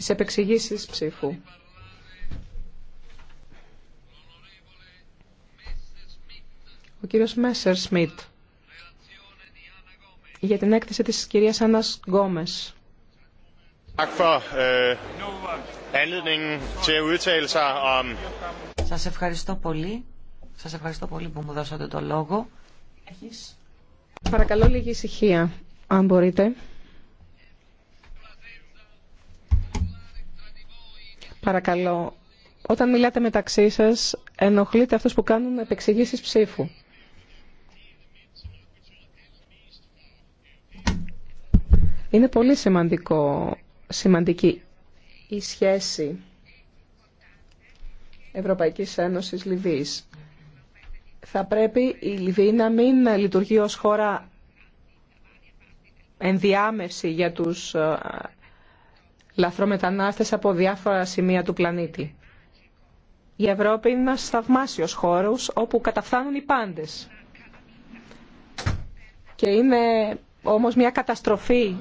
τις επεξηγήσεις ψήφου. Ο κύριος Μέσερ Σμιτ για την έκθεση της κυρίας Άννας Γκόμες. Øh, Σας ευχαριστώ πολύ. Σας ευχαριστώ πολύ που μου δώσατε το λόγο. Παρακαλώ λίγη ησυχία, αν μπορείτε. Παρακαλώ, όταν μιλάτε μεταξύ σας, ενοχλείτε αυτούς που κάνουν επεξηγήσεις ψήφου. Είναι πολύ σημαντικό, σημαντική η σχέση Ευρωπαϊκής Ένωσης Λιβύης. Θα πρέπει η Λιβύη να μην λειτουργεί ως χώρα ενδιάμεση για τους ε, λαθρομετανάστες από διάφορα σημεία του πλανήτη. Η Ευρώπη είναι ένας θαυμάσιος χώρος όπου καταφθάνουν οι πάντες. Και είναι όμως μια καταστροφή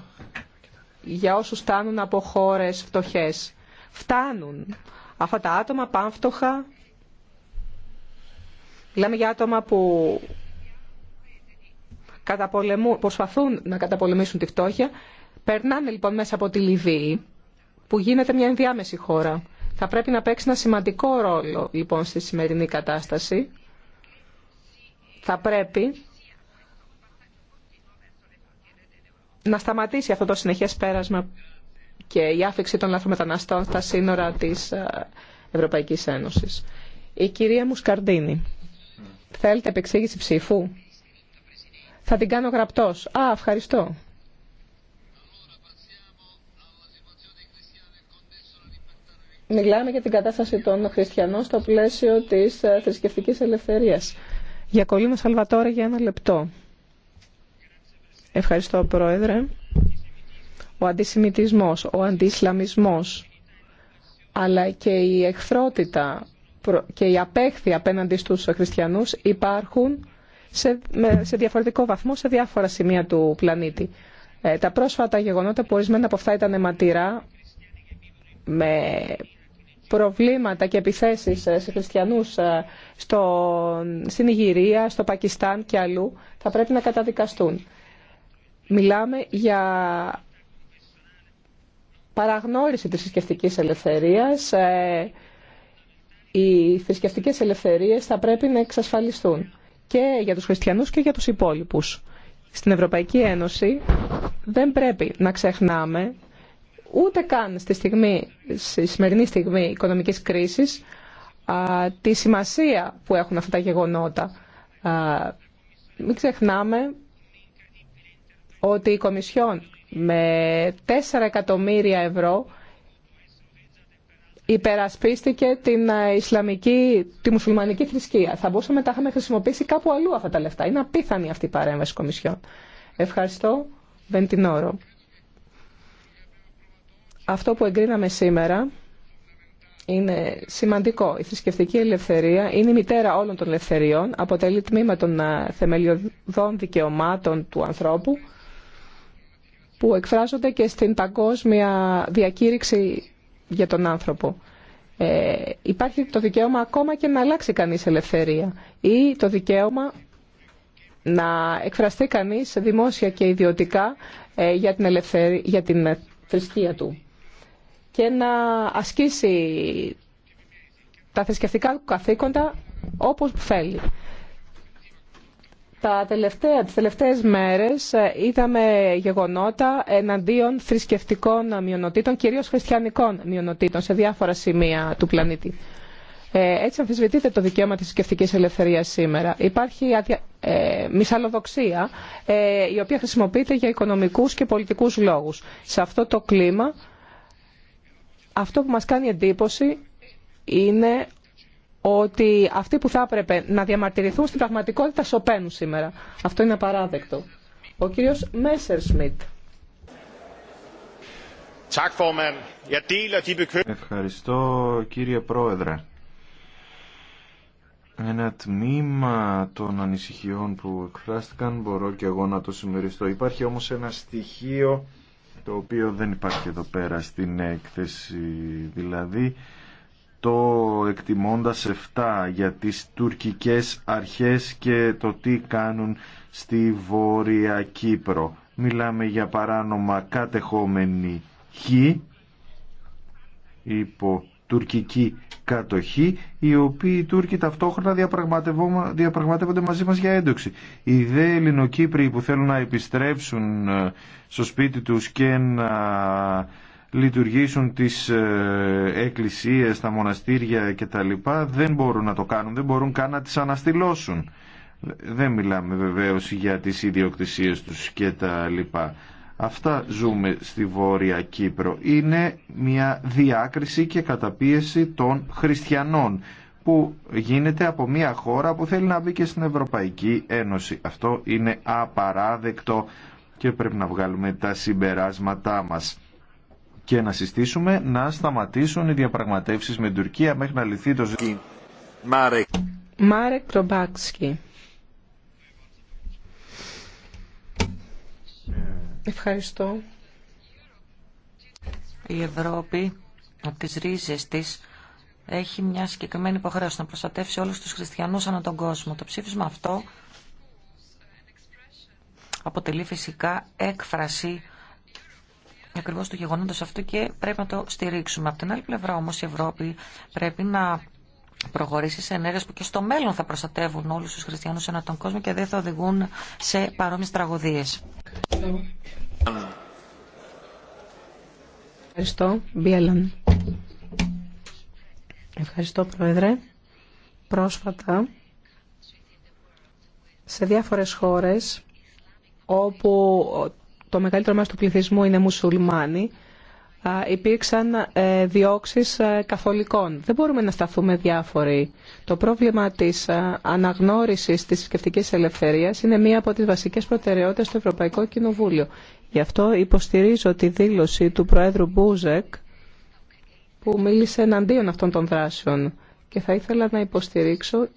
για όσους φτάνουν από χώρες φτωχές. Φτάνουν αυτά τα άτομα πάνφτωχα. Μιλάμε για άτομα που προσπαθούν να καταπολεμήσουν τη φτώχεια. Περνάνε λοιπόν μέσα από τη Λιβύη που γίνεται μια ενδιάμεση χώρα. Θα πρέπει να παίξει ένα σημαντικό ρόλο λοιπόν στη σημερινή κατάσταση. Θα πρέπει να σταματήσει αυτό το συνεχές πέρασμα και η άφηξη των λαθρομεταναστών στα σύνορα της ε, Ευρωπαϊκής Ένωσης. Η κυρία Μουσκαρντίνη, θέλετε επεξήγηση ψήφου. Θα την κάνω γραπτός. Α, ευχαριστώ. μιλάμε για την κατάσταση των χριστιανών στο πλαίσιο της ε, θρησκευτικής ελευθερίας. Για κολλήνω Σαλβατόρα για ένα λεπτό. Ευχαριστώ Πρόεδρε. Ο αντισημιτισμός, ο αντισλαμισμός, αλλά και η εχθρότητα και η απέχθεια απέναντι στους χριστιανούς υπάρχουν σε, σε διαφορετικό βαθμό σε διάφορα σημεία του πλανήτη. Ε, τα πρόσφατα γεγονότα που ορισμένα από αυτά ήταν αιματηρά με προβλήματα και επιθέσεις ε, σε χριστιανούς ε, στο, στην Ιγυρία, στο Πακιστάν και αλλού θα πρέπει να καταδικαστούν. Μιλάμε για παραγνώριση της θρησκευτική ελευθερίας. Ε, οι θρησκευτικές ελευθερίες θα πρέπει να εξασφαλιστούν και για τους χριστιανούς και για τους υπόλοιπους. Στην Ευρωπαϊκή Ένωση δεν πρέπει να ξεχνάμε ούτε καν στη, στιγμή, στη σημερινή στιγμή οικονομικής κρίσης τη σημασία που έχουν αυτά τα γεγονότα. Μην ξεχνάμε ότι η Κομισιόν με 4 εκατομμύρια ευρώ υπερασπίστηκε την Ισλαμική, τη μουσουλμανική θρησκεία. Θα μπορούσαμε να τα είχαμε χρησιμοποιήσει κάπου αλλού αυτά τα λεφτά. Είναι απίθανη αυτή η παρέμβαση Κομισιόν. Ευχαριστώ. Βεντινόρο αυτό που εγκρίναμε σήμερα είναι σημαντικό. Η θρησκευτική ελευθερία είναι η μητέρα όλων των ελευθεριών, αποτελεί τμήμα των ε, θεμελιωδών δικαιωμάτων του ανθρώπου που εκφράζονται και στην παγκόσμια διακήρυξη για τον άνθρωπο. Ε, υπάρχει το δικαίωμα ακόμα και να αλλάξει κανείς ελευθερία ή το δικαίωμα να εκφραστεί κανείς δημόσια και ιδιωτικά ε, για, την για την θρησκεία του και να ασκήσει τα θρησκευτικά του καθήκοντα όπως θέλει. Τα τελευταία, τις τελευταίες μέρες ε, είδαμε γεγονότα εναντίον θρησκευτικών μειονοτήτων, κυρίως χριστιανικών μειονοτήτων, σε διάφορα σημεία του πλανήτη. Ε, έτσι αμφισβητείται το δικαίωμα της θρησκευτικής ελευθερίας σήμερα. Υπάρχει ε, μυσαλλοδοξία, ε, η οποία χρησιμοποιείται για οικονομικούς και πολιτικούς λόγους. Σε αυτό το κλίμα αυτό που μας κάνει εντύπωση είναι ότι αυτοί που θα έπρεπε να διαμαρτυρηθούν στην πραγματικότητα σοπαίνουν σήμερα. Αυτό είναι απαράδεκτο. Ο κύριος Μέσερ Σμιτ. Ευχαριστώ κύριε Πρόεδρε. Ένα τμήμα των ανησυχιών που εκφράστηκαν μπορώ και εγώ να το συμμεριστώ. Υπάρχει όμως ένα στοιχείο το οποίο δεν υπάρχει εδώ πέρα στην έκθεση δηλαδή το εκτιμώντας 7 για τις τουρκικές αρχές και το τι κάνουν στη Βόρεια Κύπρο. Μιλάμε για παράνομα κατεχόμενη χ υπό τουρκική κατοχή, οι οποίοι οι Τούρκοι ταυτόχρονα διαπραγματεύονται μαζί μας για έντοξη. Οι δε Ελληνοκύπροι που θέλουν να επιστρέψουν ε, στο σπίτι τους και να λειτουργήσουν τις ε, εκκλησίες, τα μοναστήρια κτλ. δεν μπορούν να το κάνουν, δεν μπορούν καν να τις αναστηλώσουν. Δεν μιλάμε βεβαίως για τις ιδιοκτησίες τους και τα Αυτά ζούμε στη Βόρεια Κύπρο. Είναι μια διάκριση και καταπίεση των χριστιανών που γίνεται από μια χώρα που θέλει να μπει και στην Ευρωπαϊκή Ένωση. Αυτό είναι απαράδεκτο και πρέπει να βγάλουμε τα συμπεράσματά μας και να συστήσουμε να σταματήσουν οι διαπραγματεύσεις με την Τουρκία μέχρι να λυθεί το ζήτημα. Ευχαριστώ. Η Ευρώπη από τις ρίζες της έχει μια συγκεκριμένη υποχρέωση να προστατεύσει όλους τους χριστιανούς ανά τον κόσμο. Το ψήφισμα αυτό αποτελεί φυσικά έκφραση ακριβώς του γεγονότος αυτού και πρέπει να το στηρίξουμε. Από την άλλη πλευρά όμως η Ευρώπη πρέπει να προχωρήσει σε ενέργειες που και στο μέλλον θα προστατεύουν όλους τους χριστιανούς ανά τον κόσμο και δεν θα οδηγούν σε παρόμοιες τραγωδίες. Ευχαριστώ. Ευχαριστώ, Πρόεδρε. Πρόσφατα, σε διάφορες χώρες όπου το μεγαλύτερο μέρος του πληθυσμού είναι μουσουλμάνοι, υπήρξαν ε, διώξεις ε, καθολικών. Δεν μπορούμε να σταθούμε διάφοροι. Το πρόβλημα της ε, αναγνώρισης της θρησκευτική ελευθερίας είναι μία από τις βασικές προτεραιότητες στο Ευρωπαϊκό Κοινοβούλιο. Γι' αυτό υποστηρίζω τη δήλωση του Προέδρου Μπούζεκ που μίλησε εναντίον αυτών των δράσεων και θα ήθελα να υποστηρίξω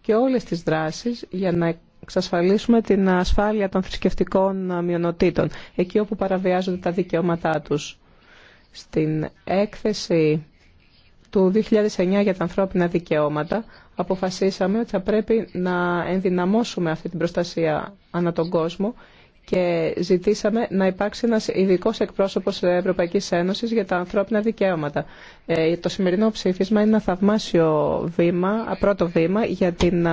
και όλες τις δράσεις για να εξασφαλίσουμε την ασφάλεια των θρησκευτικών μειονοτήτων εκεί όπου παραβιάζονται τα δικαιώματά τους στην έκθεση του 2009 για τα ανθρώπινα δικαιώματα αποφασίσαμε ότι θα πρέπει να ενδυναμώσουμε αυτή την προστασία ανά τον κόσμο και ζητήσαμε να υπάρξει ένας ειδικό εκπρόσωπος της Ευρωπαϊκής Ένωσης για τα ανθρώπινα δικαιώματα. Ε, το σημερινό ψήφισμα είναι ένα θαυμάσιο βήμα, πρώτο βήμα για την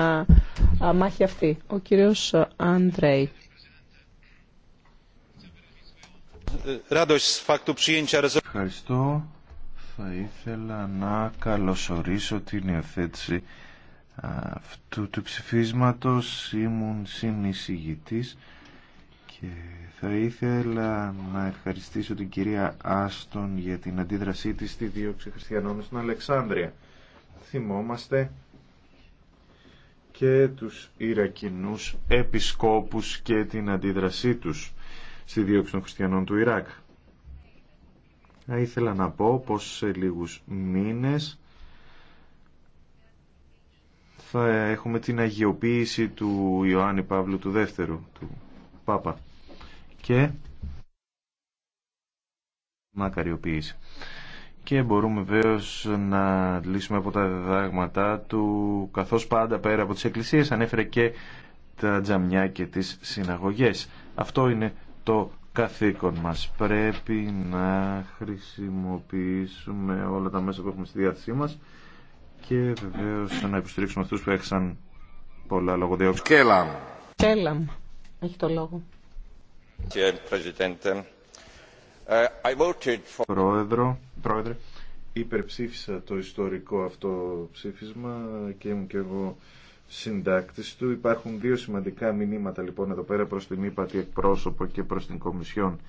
μάχη αυτή. Ο κύριος Αντρέι. Ευχαριστώ. Θα ήθελα να καλωσορίσω την υιοθέτηση αυτού του ψηφίσματος. Ήμουν συνεισηγητής και θα ήθελα να ευχαριστήσω την κυρία Άστον για την αντίδρασή της στη δίωξη χριστιανών στην Αλεξάνδρεια. Θυμόμαστε και τους Ιρακινούς επισκόπους και την αντίδρασή τους στη δίωξη των χριστιανών του Ιράκ. Θα ήθελα να πω πως σε λίγους μήνες θα έχουμε την αγιοποίηση του Ιωάννη Παύλου του Δεύτερου, του Πάπα. Και μακαριοποίηση. Και μπορούμε βεβαίω να λύσουμε από τα διδάγματά του, καθώς πάντα πέρα από τις εκκλησίες ανέφερε και τα τζαμιά και τις συναγωγές. Αυτό είναι το καθήκον μας. Πρέπει να χρησιμοποιήσουμε όλα τα μέσα που έχουμε στη διάθεσή μας και βεβαίως να υποστηρίξουμε αυτούς που έξαν πολλά λόγω Κέλαμ. Κέλαμ. Έχει το λόγο. Ε, Πρόεδρο, πρόεδρε, υπερψήφισα το ιστορικό αυτό ψήφισμα και ήμουν και εγώ συντάκτης του. Υπάρχουν δύο σημαντικά μηνύματα λοιπόν εδώ πέρα προς την ύπατη εκπρόσωπο και προς την Κομισιόν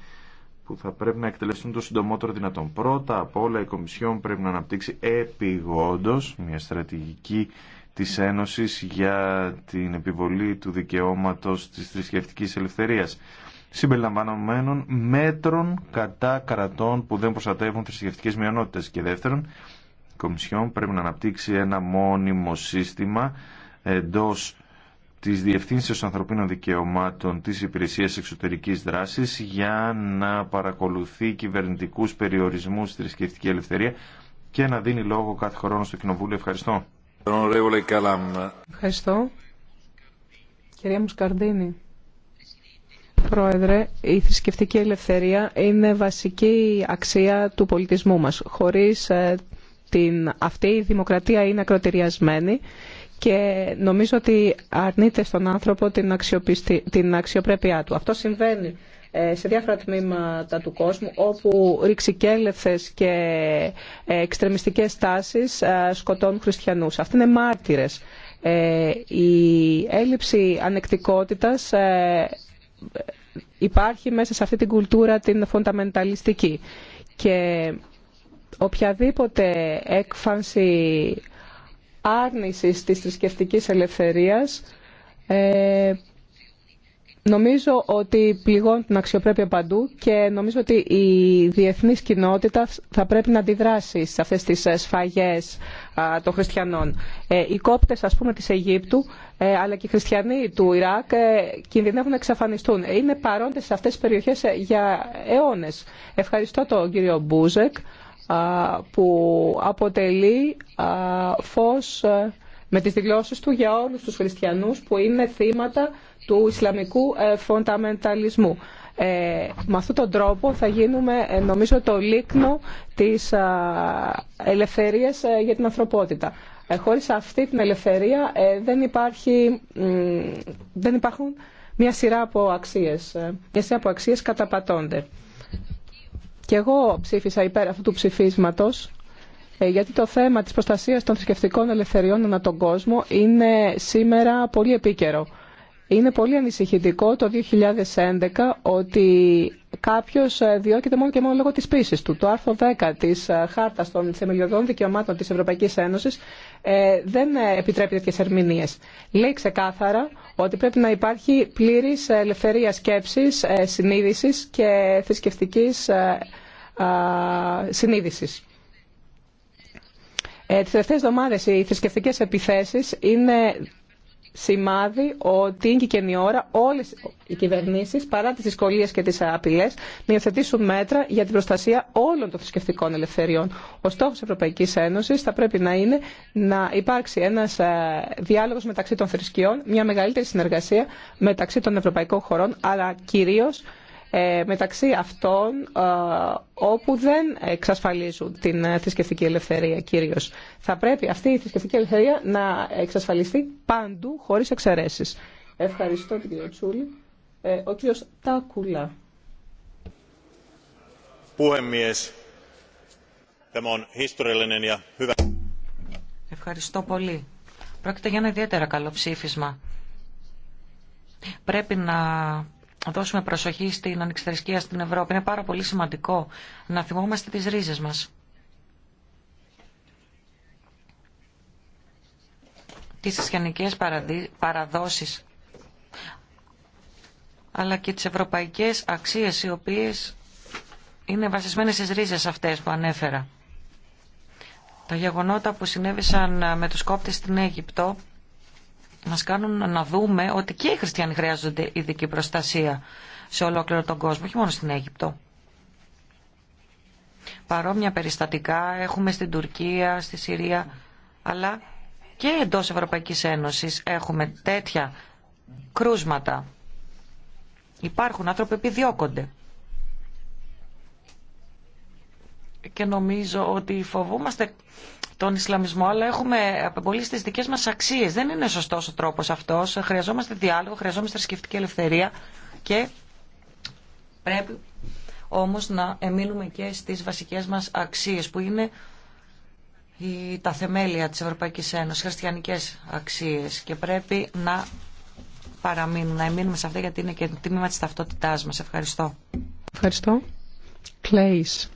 που θα πρέπει να εκτελεστούν το συντομότερο δυνατόν. Πρώτα απ' όλα η Κομισιόν πρέπει να αναπτύξει επιγόντως μια στρατηγική της Ένωσης για την επιβολή του δικαιώματος της θρησκευτική ελευθερίας συμπεριλαμβανομένων μέτρων κατά κρατών που δεν προστατεύουν θρησκευτικές μειονότητες. Και δεύτερον, η Κομισιόν πρέπει να αναπτύξει ένα μόνιμο σύστημα εντός της Διευθύνσεως Ανθρωπίνων Δικαιωμάτων της Υπηρεσίας Εξωτερικής Δράσης για να παρακολουθεί κυβερνητικούς περιορισμούς στη θρησκευτική ελευθερία και να δίνει λόγο κάθε χρόνο στο Κοινοβούλιο. Ευχαριστώ. Ευχαριστώ. Κυρία Μουσκαρδίνη. Πρόεδρε, η θρησκευτική ελευθερία είναι βασική αξία του πολιτισμού μας. Χωρίς ε, την, αυτή η δημοκρατία είναι ακροτηριασμένη και νομίζω ότι αρνείται στον άνθρωπο την, την αξιοπρέπειά του. Αυτό συμβαίνει ε, σε διάφορα τμήματα του κόσμου όπου ρηξικέλευθες και ε, εξτρεμιστικές τάσεις ε, σκοτώνουν χριστιανούς. Αυτοί είναι μάρτυρες. Η έλλειψη ανεκτικότητας υπάρχει μέσα σε αυτή την κουλτούρα την φονταμενταλιστική και οποιαδήποτε έκφανση άρνησης της θρησκευτική ελευθερίας ε, νομίζω ότι πληγώνει την αξιοπρέπεια παντού και νομίζω ότι η διεθνής κοινότητα θα πρέπει να αντιδράσει σε αυτές τις ε, σφαγές των χριστιανών. Ε, οι κόπτες ας πούμε της Αιγύπτου αλλά και οι χριστιανοί του Ιράκ κινδυνεύουν να εξαφανιστούν. Είναι παρόντες σε αυτές τις περιοχές για αιώνες. Ευχαριστώ τον κύριο Μπούζεκ που αποτελεί φως με τις δηλώσεις του για όλους τους χριστιανούς που είναι θύματα του Ισλαμικού ε, φονταμενταλισμού. Ε, με αυτόν τον τρόπο θα γίνουμε ε, νομίζω το λίκνο της ελευθερίας για την ανθρωπότητα. Χωρίς αυτή την ελευθερία δεν, υπάρχει, δεν υπάρχουν μια σειρά από αξίες. Μια σειρά από αξίες καταπατώνται. Και εγώ ψήφισα υπέρ αυτού του ψηφίσματος, ε, γιατί το θέμα της προστασίας των θρησκευτικών ελευθεριών ανά τον κόσμο είναι σήμερα πολύ επίκαιρο. Είναι πολύ ανησυχητικό το 2011 ότι κάποιος ε, διώκεται μόνο και μόνο λόγω της πίσης του. Το άρθρο 10 της ε, Χάρτας των Θεμελιωδών Δικαιωμάτων της Ευρωπαϊκής Ένωσης δεν επιτρέπει τέτοιες ερμηνείες. Λέει ξεκάθαρα ότι πρέπει να υπάρχει πλήρης ελευθερία σκέψης, συνείδησης και θρησκευτικής συνείδησης. Ε, τις τελευταίες οι θρησκευτικέ επιθέσεις είναι σημάδι ότι είναι και η ώρα όλες οι κυβερνήσει, παρά τις δυσκολίε και τις απειλές να υιοθετήσουν μέτρα για την προστασία όλων των θρησκευτικών ελευθεριών. Ο στόχος της Ευρωπαϊκής Ένωσης θα πρέπει να είναι να υπάρξει ένας ε, διάλογος μεταξύ των θρησκειών, μια μεγαλύτερη συνεργασία μεταξύ των ευρωπαϊκών χωρών, αλλά κυρίω. Ε, μεταξύ αυτών ε, όπου δεν εξασφαλίζουν την ε, θρησκευτική ελευθερία κυρίως. Θα πρέπει αυτή η θρησκευτική ελευθερία να εξασφαλιστεί παντού χωρίς εξαιρέσεις. Ευχαριστώ την κύριο Τσούλη. ο κύριος Τάκουλα. Ευχαριστώ πολύ. Πρόκειται για ένα ιδιαίτερα καλό ψήφισμα. Πρέπει να δώσουμε προσοχή στην ανεξιθρησκεία στην Ευρώπη. Είναι πάρα πολύ σημαντικό να θυμόμαστε τις ρίζες μας. Τις ισχυανικέ παραδόσεις αλλά και τις ευρωπαϊκές αξίες οι οποίες είναι βασισμένες στις ρίζες αυτές που ανέφερα. Τα γεγονότα που συνέβησαν με τους κόπτες στην Αίγυπτο μας κάνουν να δούμε ότι και οι χριστιανοί χρειάζονται ειδική προστασία σε ολόκληρο τον κόσμο, όχι μόνο στην Αίγυπτο. Παρόμοια περιστατικά έχουμε στην Τουρκία, στη Συρία, αλλά και εντός Ευρωπαϊκής Ένωσης έχουμε τέτοια κρούσματα. Υπάρχουν άνθρωποι που επιδιώκονται. και νομίζω ότι φοβούμαστε τον Ισλαμισμό, αλλά έχουμε απεμπολίσει τι δικέ μα αξίε. Δεν είναι σωστό ο τρόπο αυτό. Χρειαζόμαστε διάλογο, χρειαζόμαστε θρησκευτική ελευθερία και πρέπει όμω να εμείνουμε και στι βασικέ μα αξίε, που είναι τα θεμέλια της Ευρωπαϊκής Ένωσης, χριστιανικές αξίες και πρέπει να παραμείνουμε, να εμείνουμε σε αυτά γιατί είναι και το τμήμα της ταυτότητάς μας. Ευχαριστώ. Ευχαριστώ. Κλέης.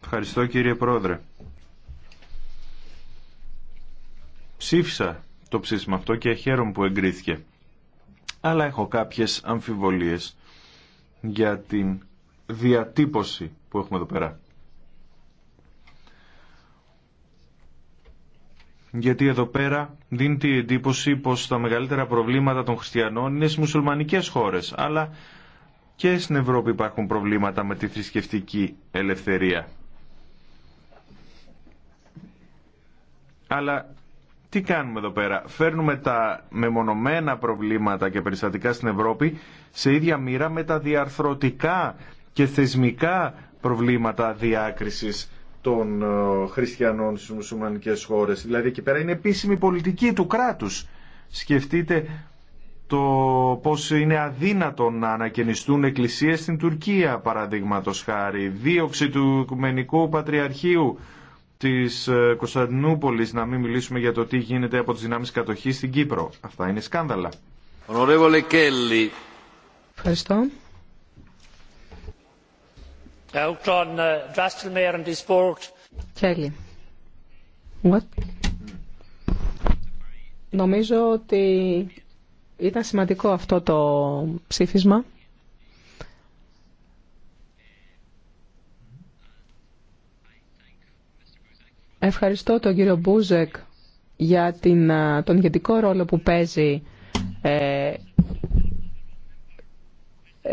Ευχαριστώ κύριε Πρόεδρε. Ψήφισα το ψήφισμα αυτό και χαίρομαι που εγκρίθηκε. Αλλά έχω κάποιες αμφιβολίες για την διατύπωση που έχουμε εδώ πέρα. Γιατί εδώ πέρα δίνει την εντύπωση πως τα μεγαλύτερα προβλήματα των χριστιανών είναι στις μουσουλμανικές χώρες. Αλλά και στην Ευρώπη υπάρχουν προβλήματα με τη θρησκευτική ελευθερία. Αλλά τι κάνουμε εδώ πέρα. Φέρνουμε τα μεμονωμένα προβλήματα και περιστατικά στην Ευρώπη σε ίδια μοίρα με τα διαρθρωτικά και θεσμικά προβλήματα διάκρισης των ε, χριστιανών στις μουσουλμανικές χώρες. Δηλαδή εκεί πέρα είναι επίσημη πολιτική του κράτους. Σκεφτείτε το πως είναι αδύνατο να ανακαινιστούν εκκλησίες στην Τουρκία παραδείγματος χάρη, δίωξη του Οικουμενικού Πατριαρχείου της ε, Κωνσταντινούπολης, να μην μιλήσουμε για το τι γίνεται από τις δυνάμεις κατοχής στην Κύπρο. Αυτά είναι σκάνδαλα. Ευχαριστώ. Uh, Κέλλη. Νομίζω ότι ήταν σημαντικό αυτό το ψήφισμα. Ευχαριστώ τον κύριο Μπούζεκ για την, τον ηγετικό ρόλο που παίζει. Ε,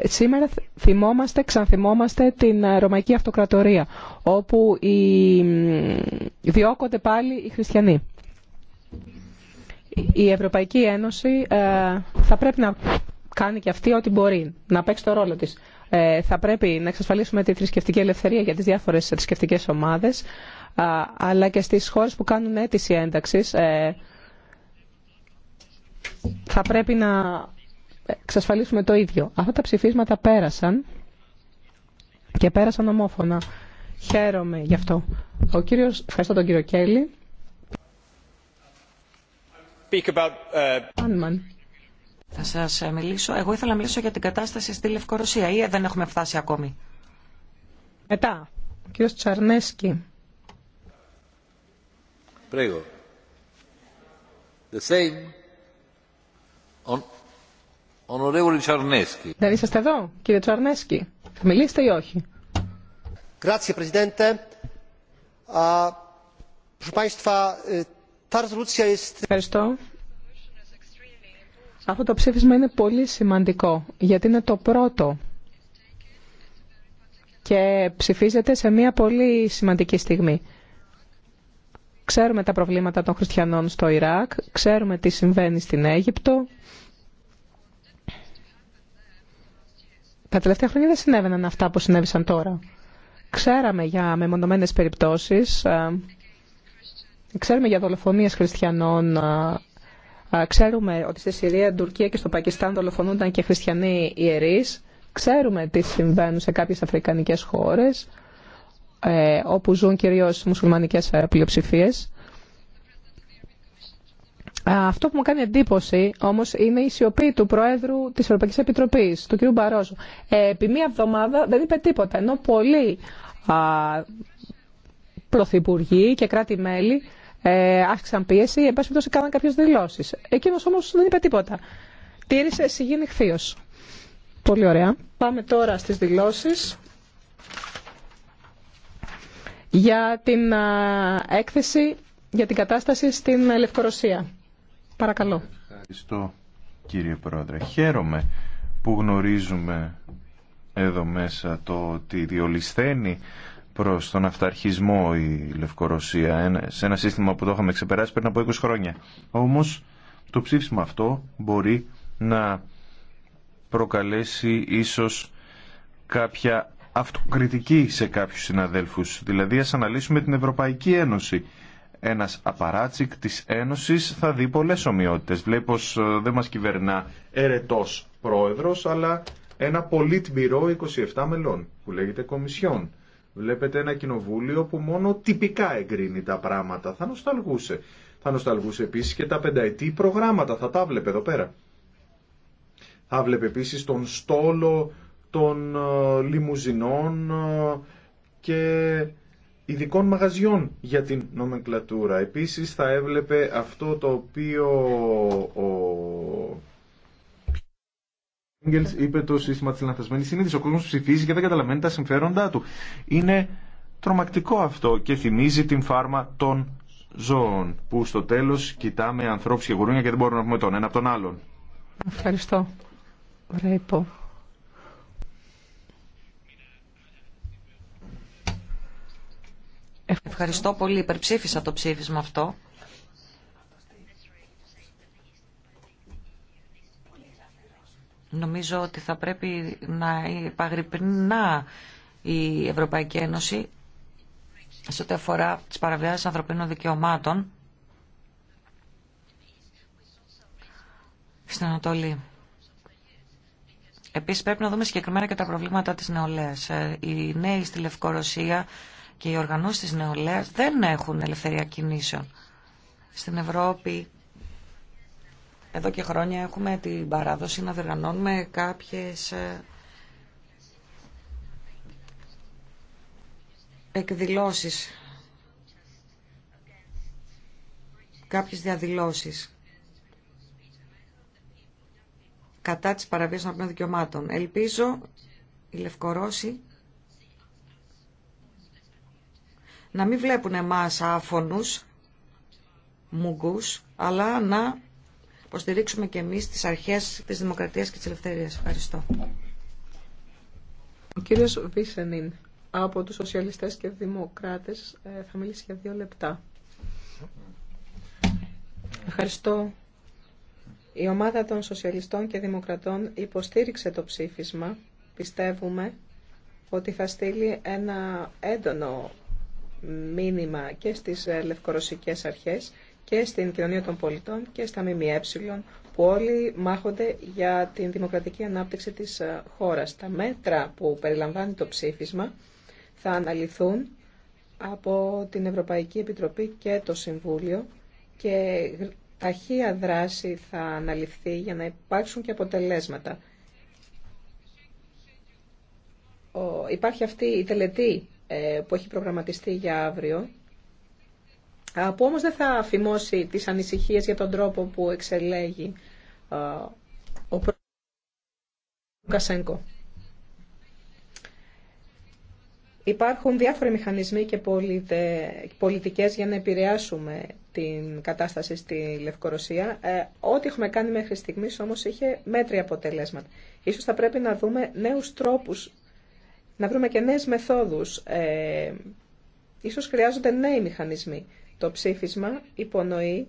σήμερα θυμόμαστε, ξανθυμόμαστε την Ρωμαϊκή Αυτοκρατορία, όπου οι, διώκονται πάλι οι χριστιανοί η Ευρωπαϊκή Ένωση ε, θα πρέπει να κάνει και αυτή ό,τι μπορεί, να παίξει το ρόλο της. Ε, θα πρέπει να εξασφαλίσουμε τη θρησκευτική ελευθερία για τις διάφορες θρησκευτικέ ομάδες, ε, αλλά και στις χώρες που κάνουν αίτηση ένταξης θα πρέπει να εξασφαλίσουμε το ίδιο. Αυτά τα ψηφίσματα πέρασαν και πέρασαν ομόφωνα. Χαίρομαι γι' αυτό. Ο κύριος, ευχαριστώ τον κύριο Κέλλη. Uh, Θα σας ε, μιλήσω. Εγώ ήθελα να μιλήσω για την κατάσταση στη Λευκορωσία ή ε, δεν έχουμε φτάσει ακόμη. Μετά, ο κύριος Τσαρνέσκι. Πρέγω. The same. On... Δεν είσαστε εδώ, κύριε Τσαρνέσκι. Θα μιλήσετε ή όχι. Grazie, Presidente. Uh, proszę Państwa, Ευχαριστώ. Αυτό το ψήφισμα είναι πολύ σημαντικό, γιατί είναι το πρώτο και ψηφίζεται σε μια πολύ σημαντική στιγμή. Ξέρουμε τα προβλήματα των χριστιανών στο Ιράκ, ξέρουμε τι συμβαίνει στην Αίγυπτο. Τα τελευταία χρόνια δεν συνέβαιναν αυτά που συνέβησαν τώρα. Ξέραμε για μεμονωμένες περιπτώσεις ε, Ξέρουμε για δολοφονίες χριστιανών, ξέρουμε ότι στη Συρία, Τουρκία και στο Πακιστάν δολοφονούνταν και χριστιανοί ιερείς. Ξέρουμε τι συμβαίνουν σε κάποιες αφρικανικές χώρες, ε, όπου ζουν κυρίως μουσουλμανικές ε, πλειοψηφίες. Αυτό που μου κάνει εντύπωση όμω είναι η σιωπή του Προέδρου τη Ευρωπαϊκή Επιτροπή, του κ. Μπαρόζου. Ε, επί μία εβδομάδα δεν είπε τίποτα, ενώ πολλοί α, πρωθυπουργοί και κράτη-μέλη ε, άσκησαν πίεση, εν πάση περιπτώσει κάναν κάποιε δηλώσει. Εκείνο όμω δεν είπε τίποτα. Τήρησε σιγή χθείο. Πολύ ωραία. Πάμε τώρα στι δηλώσει για την έκθεση για την κατάσταση στην Λευκορωσία. Παρακαλώ. Ευχαριστώ κύριε Πρόεδρε. Χαίρομαι που γνωρίζουμε εδώ μέσα το ότι διολυσθένει προς τον αυταρχισμό η Λευκορωσία σε ένα σύστημα που το είχαμε ξεπεράσει πριν από 20 χρόνια. Όμως το ψήφισμα αυτό μπορεί να προκαλέσει ίσως κάποια αυτοκριτική σε κάποιους συναδέλφους. Δηλαδή ας αναλύσουμε την Ευρωπαϊκή Ένωση. Ένας απαράτσικ της Ένωσης θα δει πολλές ομοιότητες. Βλέπω ε, δεν μας κυβερνά ερετός πρόεδρος, αλλά ένα πολίτμηρο 27 μελών που λέγεται Κομισιόν. Βλέπετε ένα κοινοβούλιο που μόνο τυπικά εγκρίνει τα πράγματα. Θα νοσταλγούσε. Θα νοσταλγούσε επίσης και τα πενταετή προγράμματα. Θα τα βλέπε εδώ πέρα. Θα βλέπε επίσης τον στόλο των ε, λιμουζινών ε, και ειδικών μαγαζιών για την νομεκλατούρα. Επίσης θα έβλεπε αυτό το οποίο ο είπε το σύστημα τη λανθασμένη συνείδηση. Ο κόσμο ψηφίζει και δεν καταλαβαίνει τα συμφέροντά του. Είναι τρομακτικό αυτό και θυμίζει την φάρμα των ζώων που στο τέλος κοιτάμε ανθρώπου και γουρούνια και δεν μπορούμε να πούμε τον ένα από τον άλλον. Ευχαριστώ. υπό. Ευχαριστώ πολύ. Υπερψήφισα το ψήφισμα αυτό Νομίζω ότι θα πρέπει να υπαγρυπνά η Ευρωπαϊκή Ένωση σε ό,τι αφορά τις παραβιάσεις ανθρωπίνων δικαιωμάτων στην Ανατολή. Επίσης πρέπει να δούμε συγκεκριμένα και τα προβλήματα της νεολαίας. Ε, οι νέοι στη Λευκορωσία και οι οργανώσεις της νεολαίας δεν έχουν ελευθερία κινήσεων. Στην Ευρώπη εδώ και χρόνια έχουμε την παράδοση να διοργανώνουμε κάποιες ε, εκδηλώσεις, κάποιες διαδηλώσεις κατά της παραβίασης των δικαιωμάτων. Ελπίζω η Λευκορώσοι να μην βλέπουν εμάς άφωνους, μουγκούς, αλλά να υποστηρίξουμε και εμείς τις αρχές της δημοκρατίας και της ελευθερίας. Ευχαριστώ. Ο κύριος Βίσενιν από τους σοσιαλιστές και δημοκράτες ε, θα μιλήσει για δύο λεπτά. Ευχαριστώ. Η ομάδα των σοσιαλιστών και δημοκρατών υποστήριξε το ψήφισμα. Πιστεύουμε ότι θα στείλει ένα έντονο μήνυμα και στις ε, λευκορωσικές αρχές και στην κοινωνία των πολιτών και στα ΜΜΕ που όλοι μάχονται για την δημοκρατική ανάπτυξη της ε, χώρας. Τα μέτρα που περιλαμβάνει το ψήφισμα θα αναλυθούν από την Ευρωπαϊκή Επιτροπή και το Συμβούλιο και ταχεία δράση θα αναλυθεί για να υπάρξουν και αποτελέσματα. Υπάρχει αυτή η τελετή ε, που έχει προγραμματιστεί για αύριο που όμως δεν θα αφημώσει τις ανησυχίες για τον τρόπο που εξελέγει ε, ο του Κασέγκο. Υπάρχουν διάφοροι μηχανισμοί και πολιτικές για να επηρεάσουμε την κατάσταση στη Λευκορωσία. Ε, ό,τι έχουμε κάνει μέχρι στιγμής όμως είχε μέτρια αποτελέσματα. Ίσως θα πρέπει να δούμε νέους τρόπους, να βρούμε και νέες μεθόδους. Ε, ίσως χρειάζονται νέοι μηχανισμοί. Το ψήφισμα υπονοεί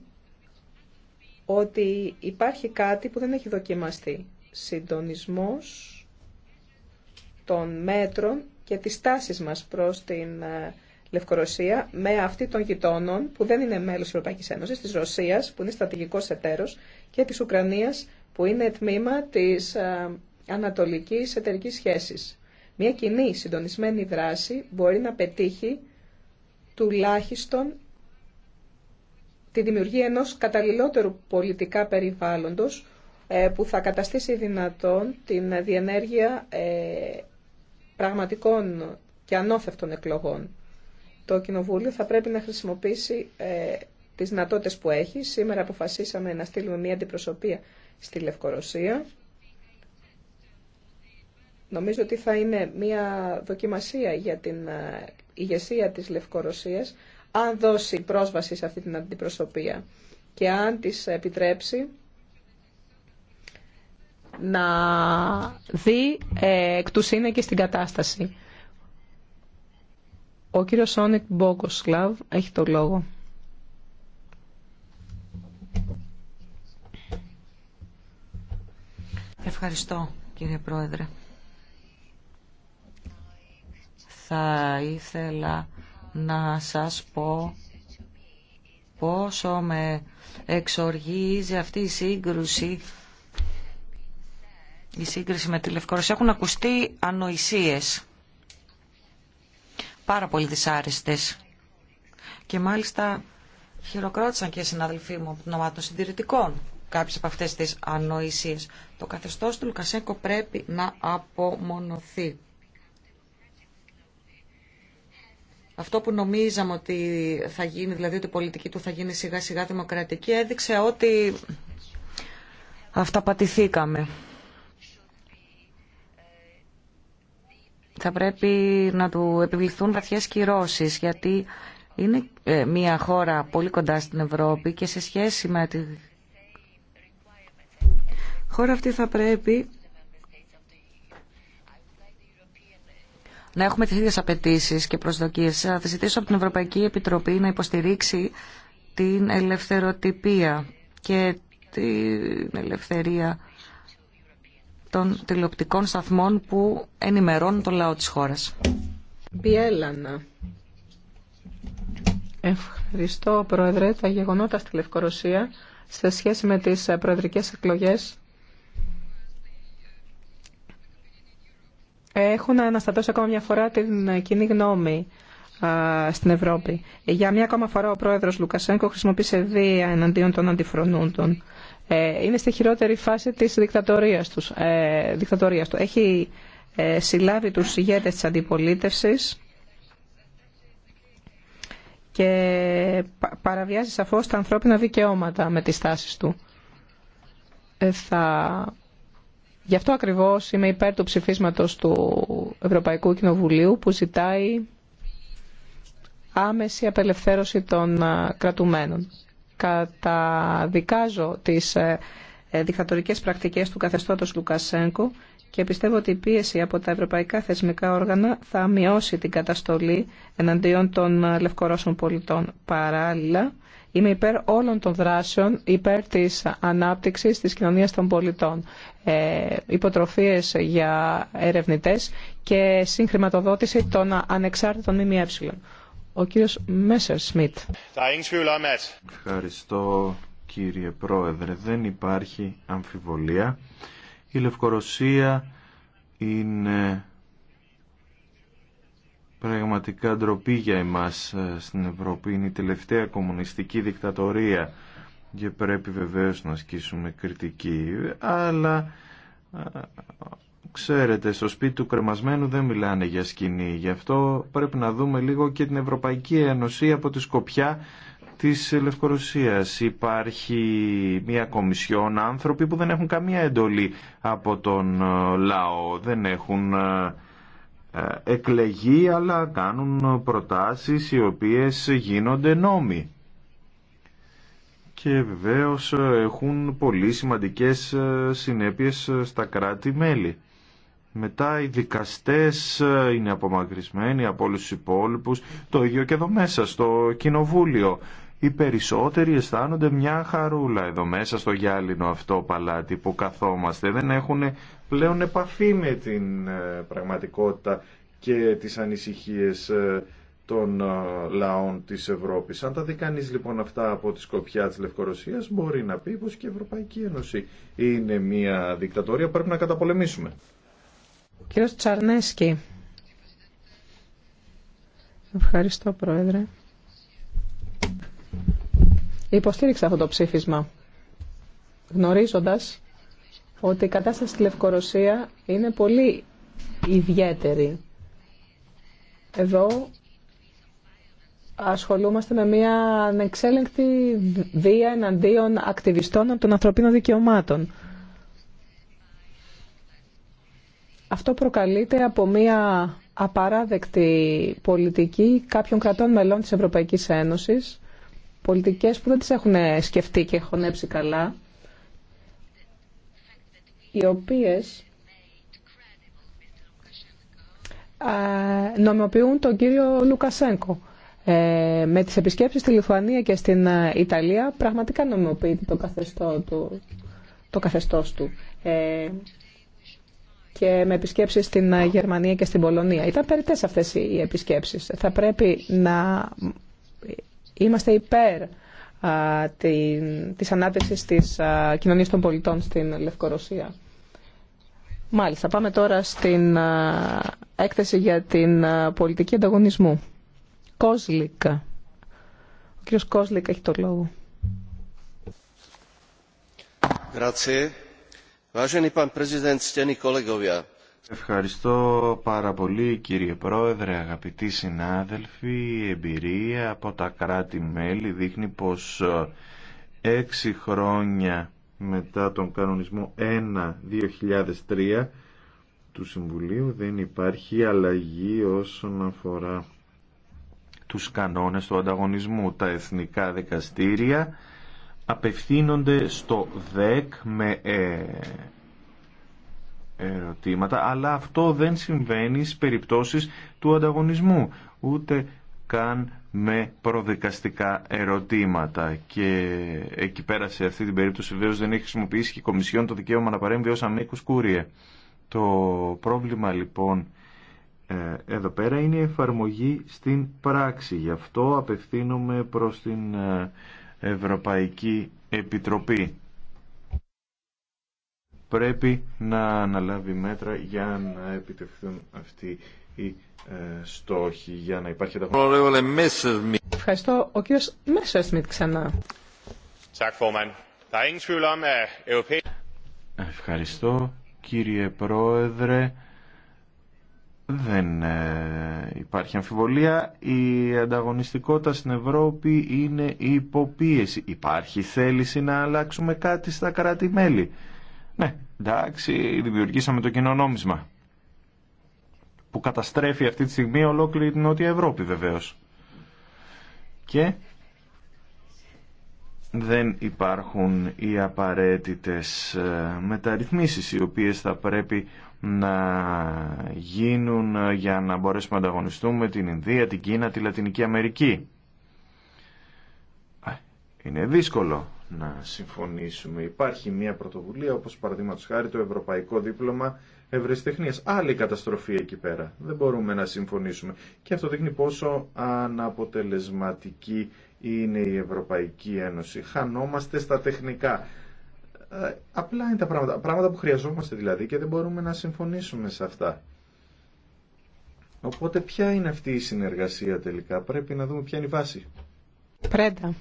ότι υπάρχει κάτι που δεν έχει δοκιμαστεί. Συντονισμός των μέτρων και της τάσης μας προς την ε, Λευκορωσία με αυτή των γειτόνων που δεν είναι μέλος της Ευρωπαϊκής Ένωσης, της Ρωσίας που είναι στρατηγικός εταίρος και της Ουκρανίας που είναι τμήμα της ε, ανατολικής εταιρικής σχέσης. Μια κοινή συντονισμένη δράση μπορεί να πετύχει τουλάχιστον τη δημιουργία ενός καταλληλότερου πολιτικά περιβάλλοντος ε, που θα καταστήσει δυνατόν την διενέργεια ε, πραγματικών και ανώθευτων εκλογών. Το Κοινοβούλιο θα πρέπει να χρησιμοποιήσει ε, τις δυνατότητες που έχει. Σήμερα αποφασίσαμε να στείλουμε μια αντιπροσωπεία στη Λευκορωσία. Νομίζω ότι θα είναι μια δοκιμασία για την ηγεσία της Λευκορωσίας αν δώσει πρόσβαση σε αυτή την αντιπροσωπεία και αν της επιτρέψει να δει ε, εκ του την κατάσταση. Ο κύριος Σόνικ Μπόγκοσλαβ έχει το λόγο. Ευχαριστώ κύριε Πρόεδρε. Θα ήθελα να σας πω πόσο με εξοργίζει αυτή η σύγκρουση η σύγκριση με τη Λευκορωσία έχουν ακουστεί ανοησίες πάρα πολύ δυσάρεστες και μάλιστα χειροκρότησαν και οι συναδελφοί μου από την ομάδα των συντηρητικών κάποιες από αυτές τις ανοησίες. Το καθεστώς του Λουκασέκο πρέπει να απομονωθεί. Αυτό που νομίζαμε ότι θα γίνει, δηλαδή ότι η πολιτική του θα γίνει σιγά σιγά δημοκρατική, έδειξε ότι αυταπατηθήκαμε. Θα πρέπει να του επιβληθούν βαθιές κυρώσεις, γιατί είναι ε, μια χώρα πολύ κοντά στην Ευρώπη και σε σχέση με τη χώρα αυτή θα πρέπει να έχουμε τις ίδιες απαιτήσει και προσδοκίες. Θα ζητήσω από την Ευρωπαϊκή Επιτροπή να υποστηρίξει την ελευθεροτυπία και την ελευθερία των τηλεοπτικών σταθμών που ενημερώνουν τον λαό της χώρας. Πιέλανα. Ευχαριστώ, Πρόεδρε. Τα γεγονότα στη Λευκορωσία σε σχέση με τις προεδρικές εκλογές έχουν να ακόμα μια φορά την κοινή γνώμη στην Ευρώπη. Για μια ακόμα φορά ο πρόεδρος Λουκασένκο χρησιμοποίησε βία εναντίον των αντιφρονούντων. Ε, είναι στη χειρότερη φάση της δικτατορίας, τους, ε, δικτατορίας του. Έχει ε, συλλάβει τους ηγέτες της αντιπολίτευσης και παραβιάζει σαφώς τα ανθρώπινα δικαιώματα με τις τάσεις του. θα Γι' αυτό ακριβώς είμαι υπέρ του ψηφίσματος του Ευρωπαϊκού Κοινοβουλίου που ζητάει άμεση απελευθέρωση των ε, κρατουμένων. Καταδικάζω τις ε, ε, δικτατορικές πρακτικές του καθεστώτος Λουκασέγκου και πιστεύω ότι η πίεση από τα ευρωπαϊκά θεσμικά όργανα θα μειώσει την καταστολή εναντίον των λευκορώσων πολιτών. Παράλληλα, Είμαι υπέρ όλων των δράσεων, υπέρ της ανάπτυξης της κοινωνίας των πολιτών. Ε, υποτροφίες για ερευνητές και συγχρηματοδότηση των ανεξάρτητων ΜΜΕ. Ο κύριος Μέσερ Σμιτ. Ευχαριστώ κύριε Πρόεδρε. Δεν υπάρχει αμφιβολία. Η Λευκορωσία είναι πραγματικά ντροπή για εμάς ε, στην Ευρώπη. Είναι η τελευταία κομμουνιστική δικτατορία και πρέπει βεβαίως να ασκήσουμε κριτική. Αλλά ε, ξέρετε, στο σπίτι του κρεμασμένου δεν μιλάνε για σκηνή. Γι' αυτό πρέπει να δούμε λίγο και την Ευρωπαϊκή Ένωση από τη σκοπιά της Λευκορωσίας. Υπάρχει μια κομισιόν άνθρωποι που δεν έχουν καμία εντολή από τον ε, λαό. Δεν έχουν ε, εκλεγεί αλλά κάνουν προτάσεις οι οποίες γίνονται νόμοι και βεβαίως ε, έχουν πολύ σημαντικές ε, συνέπειες στα κράτη-μέλη. Μετά οι δικαστές είναι απομακρυσμένοι από όλους τους υπόλοιπους, το ίδιο και εδώ μέσα στο κοινοβούλιο οι περισσότεροι αισθάνονται μια χαρούλα εδώ μέσα στο γυάλινο αυτό παλάτι που καθόμαστε. Δεν έχουν πλέον επαφή με την ε, πραγματικότητα και τις ανησυχίες ε, των ε, λαών της Ευρώπης. Αν τα δει κανείς λοιπόν αυτά από τη σκοπιά της Λευκορωσίας μπορεί να πει πως και η Ευρωπαϊκή Ένωση είναι μια δικτατορία που πρέπει να καταπολεμήσουμε. Κύριος Τσαρνέσκι. Ευχαριστώ Πρόεδρε υποστήριξα αυτό το ψήφισμα, γνωρίζοντας ότι η κατάσταση στη Λευκορωσία είναι πολύ ιδιαίτερη. Εδώ ασχολούμαστε με μια ανεξέλεγκτη βία εναντίον ακτιβιστών των ανθρωπίνων δικαιωμάτων. Αυτό προκαλείται από μια απαράδεκτη πολιτική κάποιων κρατών μελών της Ευρωπαϊκής Ένωσης πολιτικές που δεν τις έχουν σκεφτεί και χωνέψει καλά, οι οποίες νομιμοποιούν τον κύριο Λουκασέγκο. Ε, με τις επισκέψεις στη Λιθουανία και στην Ιταλία πραγματικά νομιμοποιείται το, καθεστώ του, το καθεστώς του. Ε, και με επισκέψεις στην Γερμανία και στην Πολωνία. Ήταν περιττές αυτές οι επισκέψεις. Θα πρέπει να Είμαστε υπέρ της ανάπτυξης της κοινωνίας των πολιτών στην Λευκορωσία. Μάλιστα, πάμε τώρα στην έκθεση για την πολιτική ανταγωνισμού. Κόσλικ. Ο κύριος Κόσλικ έχει το λόγο. Vážený pán prezident, kolegovia, Ευχαριστώ πάρα πολύ κύριε Πρόεδρε, αγαπητοί συνάδελφοι. Η εμπειρία από τα κράτη-μέλη δείχνει πως ε, έξι χρόνια μετά τον κανονισμό 1-2003 του Συμβουλίου δεν υπάρχει αλλαγή όσον αφορά τους κανόνες του ανταγωνισμού. Τα εθνικά δικαστήρια απευθύνονται στο ΔΕΚ με ε, ερωτήματα, αλλά αυτό δεν συμβαίνει στις περιπτώσεις του ανταγωνισμού, ούτε καν με προδικαστικά ερωτήματα. Και εκεί πέρα σε αυτή την περίπτωση βέβαια δεν έχει χρησιμοποιήσει και η Κομισιόν το δικαίωμα να παρέμβει ως αμήκους κούριε. Το πρόβλημα λοιπόν ε, εδώ πέρα είναι η εφαρμογή στην πράξη. Γι' αυτό απευθύνομαι προς την ε, Ευρωπαϊκή Επιτροπή πρέπει να αναλάβει μέτρα για να επιτευχθούν αυτοί οι ε, στόχοι, για να υπάρχει ανταγωνισμό. Ευχαριστώ. Ο κύριος Μέσσερμιτ ξανά. Er Ευχαριστώ κύριε Πρόεδρε. Δεν ε, υπάρχει αμφιβολία. Η ανταγωνιστικότητα στην Ευρώπη είναι υποπίεση. Υπάρχει θέληση να αλλάξουμε κάτι στα κράτη-μέλη. Ναι, εντάξει, δημιουργήσαμε το κοινό νόμισμα που καταστρέφει αυτή τη στιγμή ολόκληρη την Νότια Ευρώπη βεβαίως. Και δεν υπάρχουν οι απαραίτητες ε, μεταρρυθμίσεις οι οποίες θα πρέπει να γίνουν ε, για να μπορέσουμε να ανταγωνιστούμε την Ινδία, την Κίνα, τη Λατινική Αμερική. Ε, είναι δύσκολο να συμφωνήσουμε. Υπάρχει μια πρωτοβουλία, όπως παραδείγματος χάρη το Ευρωπαϊκό Δίπλωμα Ευρεσιτεχνίας. Άλλη καταστροφή εκεί πέρα. Δεν μπορούμε να συμφωνήσουμε. Και αυτό δείχνει πόσο αναποτελεσματική είναι η Ευρωπαϊκή Ένωση. Χανόμαστε στα τεχνικά. Ε, απλά είναι τα πράγματα. Πράγματα που χρειαζόμαστε δηλαδή και δεν μπορούμε να συμφωνήσουμε σε αυτά. Οπότε ποια είναι αυτή η συνεργασία τελικά. Πρέπει να δούμε ποια είναι η βάση. Πρέντα.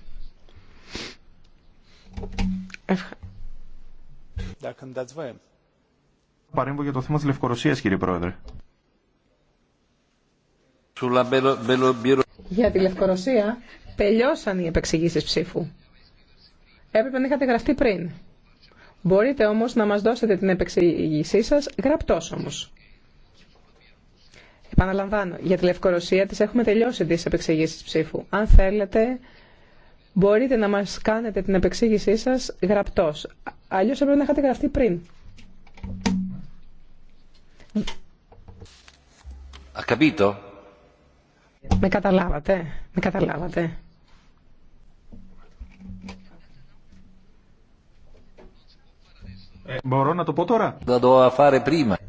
Παρέμβω για το θέμα της Λευκορωσίας, κύριε Πρόεδρε. Για τη Λευκορωσία τελειώσαν οι επεξηγήσεις ψήφου. Έπρεπε να είχατε γραφτεί πριν. Μπορείτε όμως να μας δώσετε την επεξηγήσή σας γραπτός όμως. Επαναλαμβάνω, για τη Λευκορωσία τις έχουμε τελειώσει τις επεξηγήσεις ψήφου. Αν θέλετε μπορείτε να μας κάνετε την επεξήγησή σας γραπτός. Αλλιώς έπρεπε να είχατε γραφτεί πριν. Ακαπίτο. Με καταλάβατε. Με καταλάβατε. Ε, μπορώ να το πω τώρα.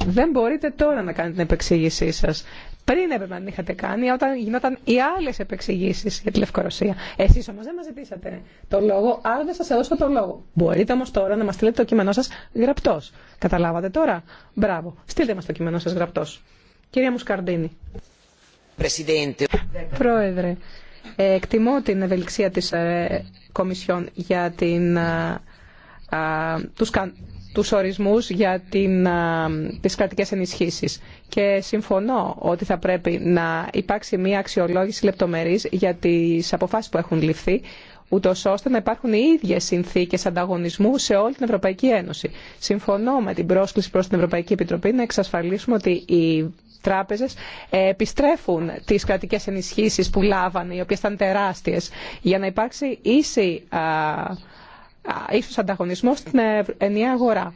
Δεν μπορείτε τώρα να κάνετε την επεξήγησή σας πριν έπρεπε να την είχατε κάνει, όταν γινόταν οι άλλε επεξηγήσει για τη Λευκορωσία. Εσεί όμω δεν μα ζητήσατε το λόγο, άρα δεν σα έδωσα το λόγο. Μπορείτε όμω τώρα να μα στείλετε το κείμενό σα γραπτό. Καταλάβατε τώρα. Μπράβο. Στείλτε μα το κείμενό σα γραπτό. Κυρία Μουσκαρντίνη. Πρόεδρε, ε, εκτιμώ την ευελιξία της ε, Κομισιόν για την, ε, τους, του ορισμού για τι κρατικέ ενισχύσει. Και συμφωνώ ότι θα πρέπει να υπάρξει μια αξιολόγηση λεπτομερής για τις αποφάσεις που έχουν ληφθεί, ούτω ώστε να υπάρχουν οι ίδιε συνθήκε ανταγωνισμού σε όλη την Ευρωπαϊκή Ένωση. Συμφωνώ με την πρόσκληση προ την Ευρωπαϊκή Επιτροπή να εξασφαλίσουμε ότι οι τράπεζε επιστρέφουν τι κρατικέ ενισχύσει που λάβανε, οι οποίε ήταν τεράστιε, για να υπάρξει ίση ίσως ανταγωνισμό στην ενιαία αγορά.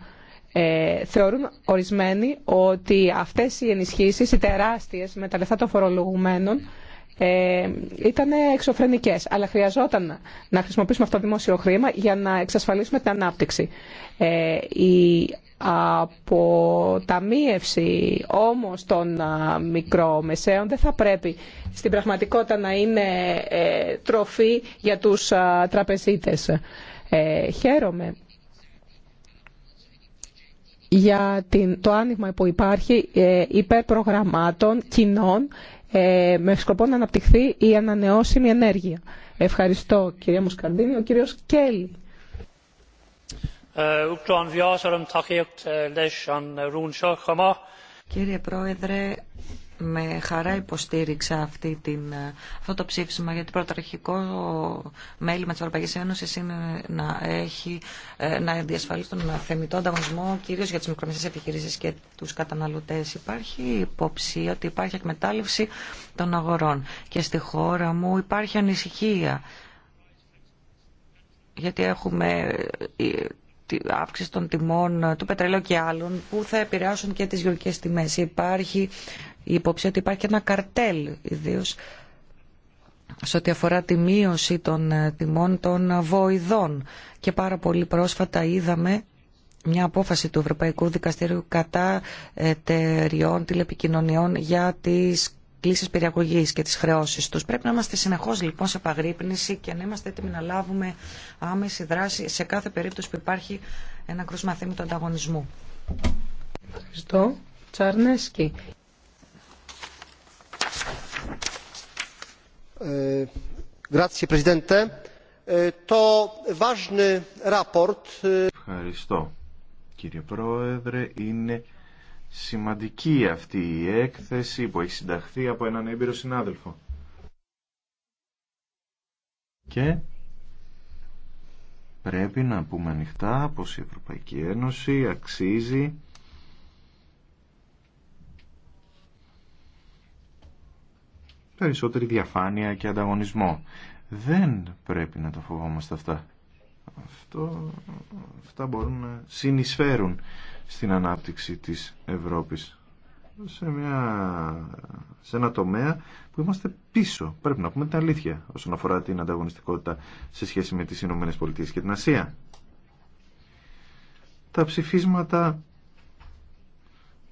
Ε, θεωρούν ορισμένοι ότι αυτές οι ενισχύσεις, οι τεράστιες με τα λεφτά των φορολογουμένων, ε, ήταν εξωφρενικές, αλλά χρειαζόταν να χρησιμοποιήσουμε αυτό το δημόσιο χρήμα για να εξασφαλίσουμε την ανάπτυξη. Ε, η αποταμίευση όμως των μικρομεσαίων δεν θα πρέπει στην πραγματικότητα να είναι ε, τροφή για τους τραπεζίτες. Ε, χαίρομαι για την, το άνοιγμα που υπάρχει ε, υπέρ κοινών ε, με σκοπό να αναπτυχθεί η ανανεώσιμη ενέργεια. Ευχαριστώ κυρία Μουσκαρδίνη. Ο κύριος Κέλλη. Ε, Κύριε Πρόεδρε, με χαρά υποστήριξα αυτή την, αυτό το ψήφισμα γιατί πρωταρχικό μέλημα της Ευρωπαϊκής Ένωσης είναι να έχει ε, να διασφαλίσει τον θεμητό ανταγωνισμό κυρίως για τις μικρομεσαίες επιχειρήσεις και τους καταναλωτές. Υπάρχει υπόψη ότι υπάρχει εκμετάλλευση των αγορών και στη χώρα μου υπάρχει ανησυχία γιατί έχουμε ε, αύξηση των τιμών ε, του πετρελαίου και άλλων που θα επηρεάσουν και τις γεωργικές τιμές. Υπάρχει η υποψία ότι υπάρχει ένα καρτέλ ιδίω σε ό,τι αφορά τη μείωση των ε, τιμών των ε, βοηδών. Και πάρα πολύ πρόσφατα είδαμε μια απόφαση του Ευρωπαϊκού Δικαστηρίου κατά εταιριών τηλεπικοινωνιών για τις κλήσεις περιαγωγής και τις χρεώσεις τους. Πρέπει να είμαστε συνεχώς λοιπόν σε παγρύπνηση και να είμαστε έτοιμοι να λάβουμε άμεση δράση σε κάθε περίπτωση που υπάρχει ένα κρούσμα θέμη του ανταγωνισμού. Ε, ε, ε, Ευχαριστώ κύριε Πρόεδρε. Είναι σημαντική αυτή η έκθεση που έχει συνταχθεί από έναν έμπειρο συνάδελφο. Και πρέπει να πούμε ανοιχτά πως η Ευρωπαϊκή Ένωση αξίζει περισσότερη διαφάνεια και ανταγωνισμό. Δεν πρέπει να τα φοβόμαστε αυτά. Αυτό, αυτά μπορούν να συνεισφέρουν στην ανάπτυξη της Ευρώπης σε, μια, σε ένα τομέα που είμαστε πίσω. Πρέπει να πούμε την αλήθεια όσον αφορά την ανταγωνιστικότητα σε σχέση με τις Ηνωμένες Πολιτείες και την Ασία. Τα ψηφίσματα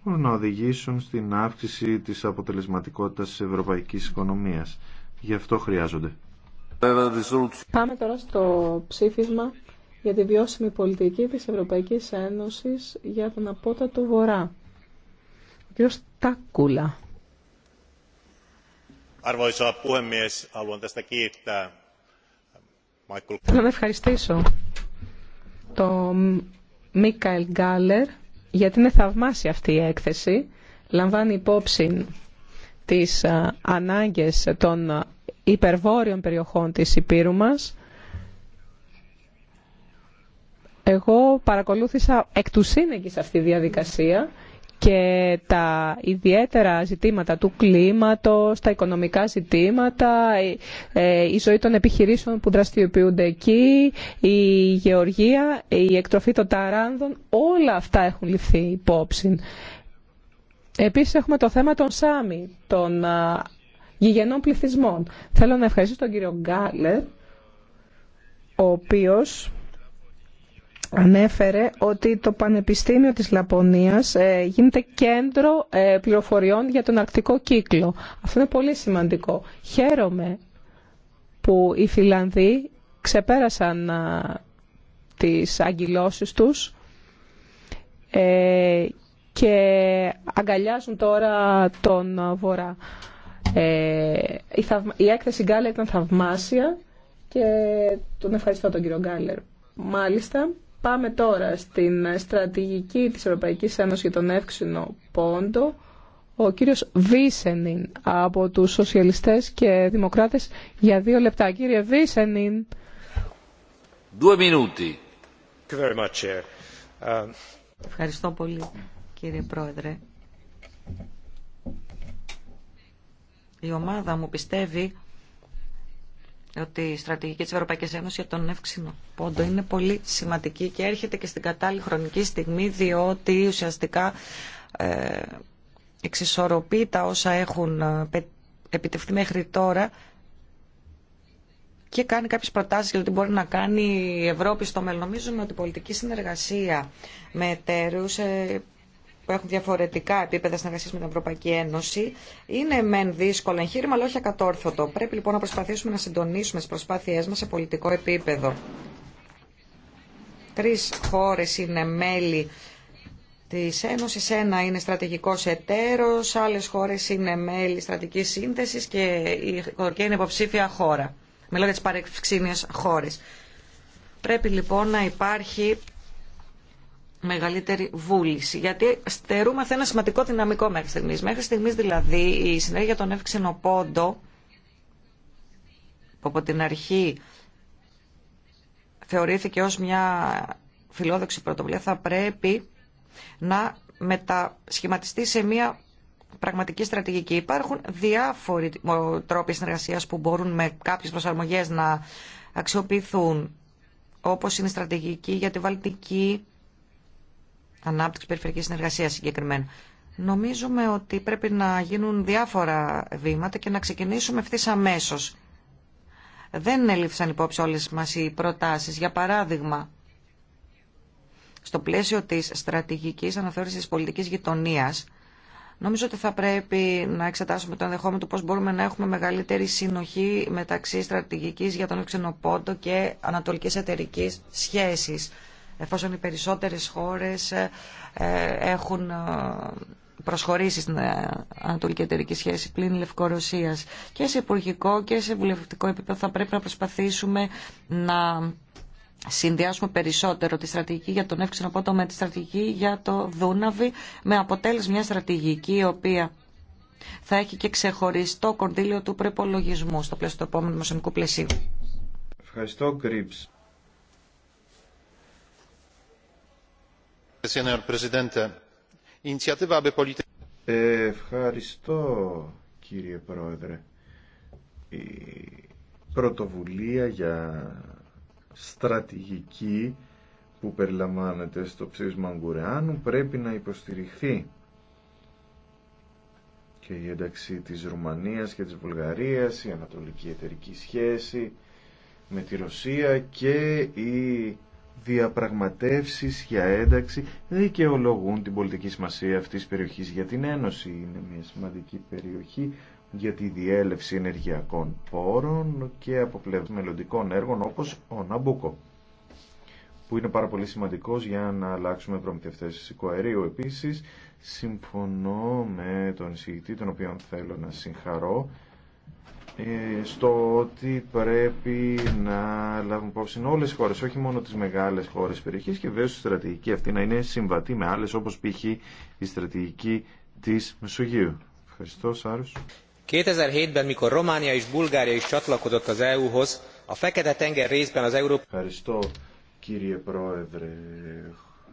μπορούν να οδηγήσουν στην αύξηση της αποτελεσματικότητας της ευρωπαϊκής οικονομίας. Γι' αυτό χρειάζονται. Πάμε τώρα στο ψήφισμα για τη βιώσιμη πολιτική της Ευρωπαϊκής Ένωσης για τον απότατο βορρά. Ο κ. Τάκουλα. Θέλω να ευχαριστήσω τον Μίκαελ Γκάλερ γιατί είναι θαυμάσια αυτή η έκθεση. Λαμβάνει υπόψη τις ανάγκες των υπερβόρειων περιοχών της Υπήρου μας. Εγώ παρακολούθησα εκ του σύνεγγυς αυτή τη διαδικασία και τα ιδιαίτερα ζητήματα του κλίματος, τα οικονομικά ζητήματα, ε, η ζωή των επιχειρήσεων που δραστηριοποιούνται εκεί, η γεωργία, η εκτροφή των ταράνδων, όλα αυτά έχουν ληφθεί υπόψη. Επίσης έχουμε το θέμα των Σάμι, των γηγενών πληθυσμών. Θέλω να ευχαριστήσω τον κύριο Γκάλερ, ο οποίος ανέφερε ότι το Πανεπιστήμιο της Λαπωνίας ε, γίνεται κέντρο ε, πληροφοριών για τον αρκτικό κύκλο. Αυτό είναι πολύ σημαντικό. Χαίρομαι που οι Φιλανδοί ξεπέρασαν τις αγκυλώσεις τους ε, και αγκαλιάζουν τώρα τον Βορρά. Η έκθεση Γκάλερ ήταν θαυμάσια και τον ευχαριστώ τον κύριο Γκάλερ. Μάλιστα. Πάμε τώρα στην στρατηγική της Ευρωπαϊκής Ένωσης για τον εύξηνο πόντο. Ο κύριος Βίσενιν από τους σοσιαλιστές και δημοκράτες για δύο λεπτά. Κύριε Βίσενιν. Um, Ευχαριστώ πολύ κύριε Πρόεδρε. Η ομάδα μου πιστεύει ότι η στρατηγική της Ευρωπαϊκής Ένωσης για τον εύξηνο πόντο είναι πολύ σημαντική και έρχεται και στην κατάλληλη χρονική στιγμή διότι ουσιαστικά ε, εξισορροπεί τα όσα έχουν ε, επιτευχθεί μέχρι τώρα και κάνει κάποιε προτάσεις για το τι μπορεί να κάνει η Ευρώπη στο μέλλον. Νομίζουμε ότι η πολιτική συνεργασία με εταίρους ε, που έχουν διαφορετικά επίπεδα συνεργασία με την Ευρωπαϊκή Ένωση είναι μεν δύσκολο εγχείρημα, αλλά όχι ακατόρθωτο. Πρέπει λοιπόν να προσπαθήσουμε να συντονίσουμε τι προσπάθειέ μα σε πολιτικό επίπεδο. Τρει χώρε είναι μέλη τη Ένωση. Ένα είναι στρατηγικό εταίρο, άλλε χώρε είναι μέλη στρατική σύνθεση και η Τουρκία είναι υποψήφια χώρα. Μιλάω για τι παρεξήνιε χώρε. Πρέπει λοιπόν να υπάρχει μεγαλύτερη βούληση. Γιατί στερούμαστε ένα σημαντικό δυναμικό μέχρι στιγμή. Μέχρι στιγμή δηλαδή η συνέργεια των εύξενο πόντο που από την αρχή θεωρήθηκε ως μια φιλόδοξη πρωτοβουλία θα πρέπει να μετασχηματιστεί σε μια πραγματική στρατηγική. Υπάρχουν διάφοροι τρόποι συνεργασίας που μπορούν με κάποιες προσαρμογές να αξιοποιηθούν όπως είναι η στρατηγική για τη Βαλτική, ανάπτυξη περιφερειακής συνεργασία συγκεκριμένα. Νομίζουμε ότι πρέπει να γίνουν διάφορα βήματα και να ξεκινήσουμε ευθύ αμέσω. Δεν έλειψαν υπόψη όλε μα οι προτάσει. Για παράδειγμα, στο πλαίσιο τη στρατηγική στρατηγικής τη πολιτική γειτονία, Νομίζω ότι θα πρέπει να εξετάσουμε το ενδεχόμενο του πώ μπορούμε να έχουμε μεγαλύτερη συνοχή μεταξύ στρατηγική για τον ξενοπόντο και ανατολική εταιρική σχέση εφόσον οι περισσότερες χώρες ε, ε, έχουν ε, προσχωρήσει στην Ανατολική Εταιρική Σχέση πλην Λευκορωσίας. Και σε υπουργικό και σε βουλευτικό επίπεδο θα πρέπει να προσπαθήσουμε να συνδυάσουμε περισσότερο τη στρατηγική για τον Εύξηνο Πότο με τη στρατηγική για το Δούναβι με αποτέλεσμα μια στρατηγική η οποία θα έχει και ξεχωριστό κονδύλιο του προπολογισμού στο πλαίσιο του επόμενου δημοσιονομικού πλαισίου. Ευχαριστώ, Ε, ευχαριστώ κύριε Πρόεδρε. Η πρωτοβουλία για στρατηγική που περιλαμβάνεται στο ψήφισμα Αγκουρεάνου πρέπει να υποστηριχθεί και η ένταξη της Ρουμανίας και της Βουλγαρίας, η ανατολική εταιρική σχέση με τη Ρωσία και η διαπραγματεύσεις για ένταξη δικαιολογούν την πολιτική σημασία αυτής της περιοχής για την Ένωση. Είναι μια σημαντική περιοχή για τη διέλευση ενεργειακών πόρων και από μελλοντικών έργων όπως ο Ναμπούκο που είναι πάρα πολύ σημαντικός για να αλλάξουμε προμηθευτές φυσικού αερίου. Επίσης, συμφωνώ με τον εισηγητή, τον οποίο θέλω να συγχαρώ, ε, στο ότι πρέπει να λάβουν υπόψη όλε οι χώρε, όχι μόνο τι μεγάλε χώρε περιοχή και βέβαια η στρατηγική αυτή να είναι συμβατή με άλλε όπω π.χ. η στρατηγική τη Μεσογείου. Ευχαριστώ, Σάρους. 2007-ben, mikor Románia és Bulgária is csatlakozott az EU-hoz, a Fekete-tenger részben az Ευχαριστώ κύριε Πρόεδρε.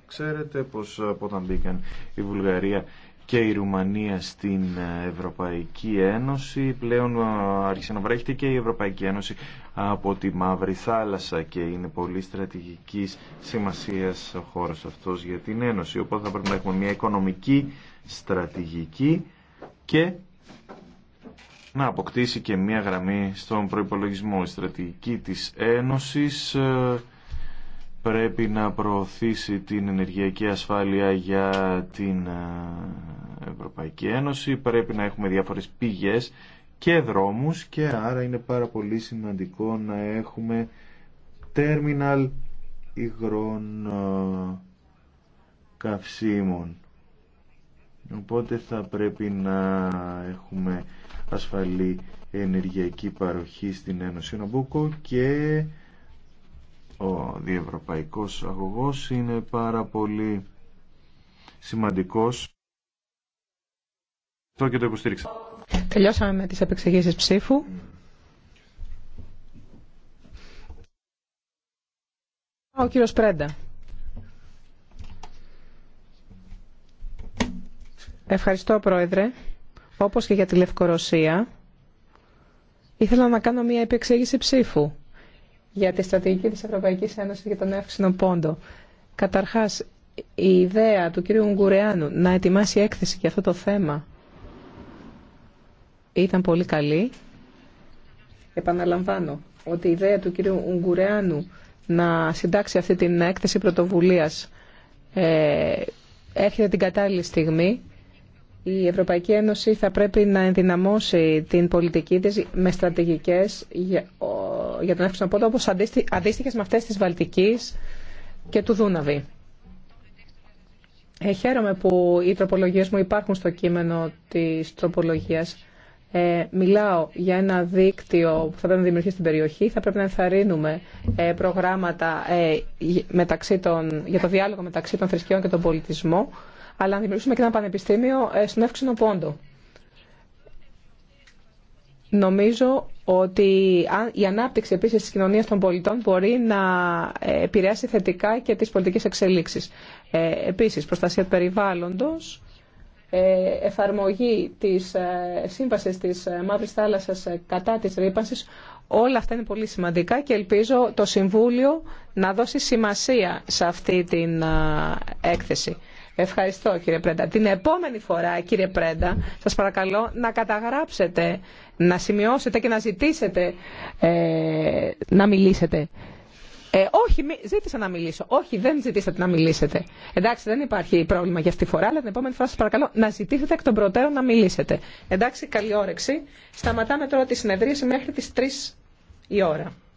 Ξέρετε πως όταν μπήκαν η Βουλγαρία και η Ρουμανία στην Ευρωπαϊκή Ένωση. Πλέον άρχισε να βρέχεται και η Ευρωπαϊκή Ένωση από τη Μαύρη Θάλασσα και είναι πολύ στρατηγικής σημασίας ο χώρος αυτός για την Ένωση. Οπότε θα πρέπει να έχουμε μια οικονομική στρατηγική και να αποκτήσει και μια γραμμή στον προϋπολογισμό. Η στρατηγική της Ένωσης ε, πρέπει να προωθήσει την ενεργειακή ασφάλεια για την ε, Ευρωπαϊκή Ένωση. Πρέπει να έχουμε διάφορες πηγές και δρόμους και άρα είναι πάρα πολύ σημαντικό να έχουμε τέρμιναλ υγρών ε, καυσίμων. Οπότε θα πρέπει να έχουμε ασφαλή ενεργειακή παροχή στην Ένωση Νομπούκο και ο διευρωπαϊκός αγωγός είναι πάρα πολύ σημαντικός. Το και το υποστήριξα. Τελειώσαμε με τις επεξηγήσεις ψήφου. Ο κύριος Πρέντα. Ευχαριστώ, Πρόεδρε. Όπως και για τη Λευκορωσία, ήθελα να κάνω μια επεξήγηση ψήφου για τη στρατηγική της Ευρωπαϊκής Ένωσης για τον εύξηνο πόντο. Καταρχάς, η ιδέα του κύριου Ουγγουρεάνου να ετοιμάσει έκθεση για αυτό το θέμα ήταν πολύ καλή. Επαναλαμβάνω ότι η ιδέα του κύριου Ουγγουρεάνου να συντάξει αυτή την έκθεση πρωτοβουλίας ε, έρχεται την κατάλληλη στιγμή η Ευρωπαϊκή Ένωση θα πρέπει να ενδυναμώσει την πολιτική της με στρατηγικές για, για τον εύξηνο πόντο όπως αντίστοιχες με αυτές της Βαλτικής και του Δούναβη. Ε, χαίρομαι που οι τροπολογίες μου υπάρχουν στο κείμενο της τροπολογίας. Ε, μιλάω για ένα δίκτυο που θα πρέπει να δημιουργήσει στην περιοχή. Θα πρέπει να ενθαρρύνουμε ε, προγράμματα ε, μεταξύ για το διάλογο μεταξύ των θρησκειών και τον πολιτισμό αλλά να δημιουργήσουμε και ένα πανεπιστήμιο ε, στον εύξηνο πόντο. Νομίζω ότι η ανάπτυξη επίσης της κοινωνίας των πολιτών μπορεί να ε, επηρεάσει θετικά και τις πολιτικές εξελίξεις. Ε, επίσης, προστασία του περιβάλλοντος, εφαρμογή της σύμβασης της Μαύρης Θάλασσας κατά της ρήπανσης, όλα αυτά είναι πολύ σημαντικά και ελπίζω το Συμβούλιο να δώσει σημασία σε αυτή την έκθεση. Ευχαριστώ κύριε Πρέντα. Την επόμενη φορά κύριε Πρέντα σας παρακαλώ να καταγράψετε, να σημειώσετε και να ζητήσετε ε, να μιλήσετε. Ε, όχι, ζήτησα να μιλήσω. Όχι, δεν ζητήσατε να μιλήσετε. Εντάξει, δεν υπάρχει πρόβλημα για αυτή τη φορά, αλλά την επόμενη φορά σα παρακαλώ να ζητήσετε εκ των προτέρων να μιλήσετε. Εντάξει, καλή όρεξη. Σταματάμε τώρα τη συνεδρίαση μέχρι τι 3 η ώρα.